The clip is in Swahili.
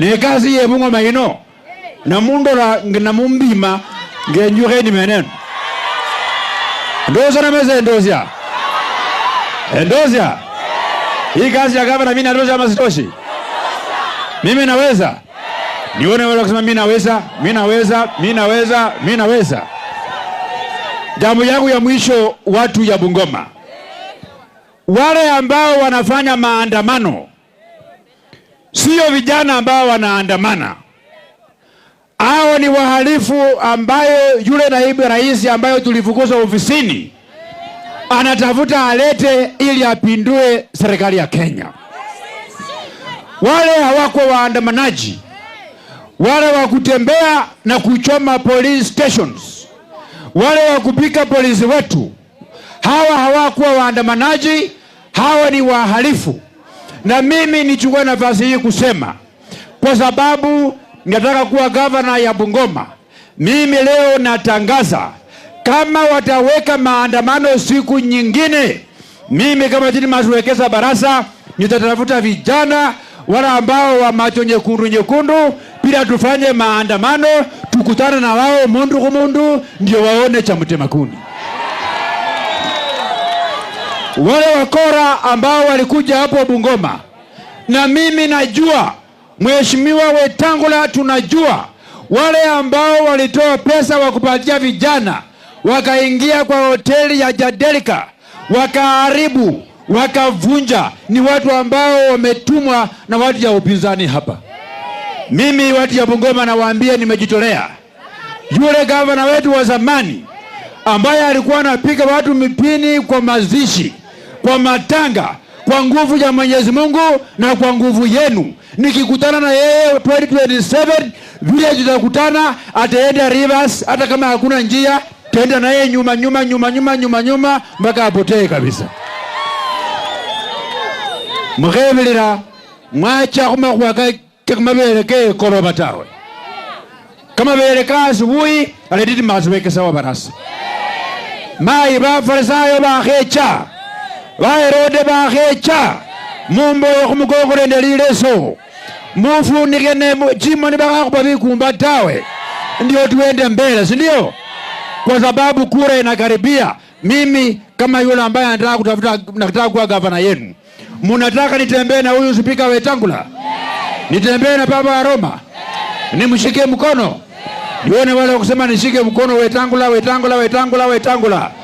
nekazi yebungoma ino namundola namumbima ngenjukheni meneno ndosa namesa endosya endosya hii kazi ya gavana mimi natosha ama sitoshi? Mimi naweza nione wale kusema mimi naweza, mimi naweza, mimi naweza, mimi naweza. Jambo yangu ya mwisho, watu ya Bungoma, wale ambao wanafanya maandamano Sio vijana ambao wanaandamana, hao ni wahalifu ambayo yule naibu rais ambayo tulifukuzwa ofisini anatafuta alete ili apindue serikali ya Kenya. Wale hawako waandamanaji, wale wa kutembea na kuchoma police stations, wale wa kupika polisi wetu, hawa hawakuwa waandamanaji, hawa ni wahalifu. Na mimi nichukue nafasi hii kusema, kwa sababu nataka kuwa gavana ya Bungoma. Mimi leo natangaza kama wataweka maandamano siku nyingine, mimi kama jini Wekesa Barasa nitatafuta vijana wala ambao wa macho nyekundu nyekundu, bila tufanye maandamano, tukutane na wao mundu kumundu, ndio waone cha mtemakuni wale wakora ambao walikuja hapo Bungoma, na mimi najua Mheshimiwa Wetangula, tunajua wale ambao walitoa pesa wa kupatia vijana wakaingia kwa hoteli ya jadelika wakaharibu wakavunja, ni watu ambao wametumwa na watu ya upinzani hapa. Mimi watu ya Bungoma nawaambia, nimejitolea. Yule gavana wetu wa zamani ambaye alikuwa anapiga watu mipini kwa mazishi kwa matanga kwa nguvu ya Mwenyezi Mungu na kwa nguvu yenu. Nikikutana na yeye 2027 vile tutakutana, ataenda Rivers, hata kama hakuna njia tenda na yeye nyuma nyuma nyuma nyuma nyuma nyuma mpaka apotee kabisa. mukhevelera mwacha khumakhuwa kamavere ke koroba tawe kamavere ka asubuhi aletiti masu vekesawo varasi mayi vafarisayo vakhecha baherode bakhecha mumboye khumukongolende lileso mufunikhe ne chimoni bakhakhupa bikumba tawe ndio tuende mbele sindio kwa sababu kura inakaribia mimi kama yule ambaye anataka kutafuta nataka kuwa gavana yenu munataka nitembee na huyu spika wetangula nitembee na baba wa roma nimshike mkono nione wale wakusema nishike mkono wetangula wetangula wetangula wetangula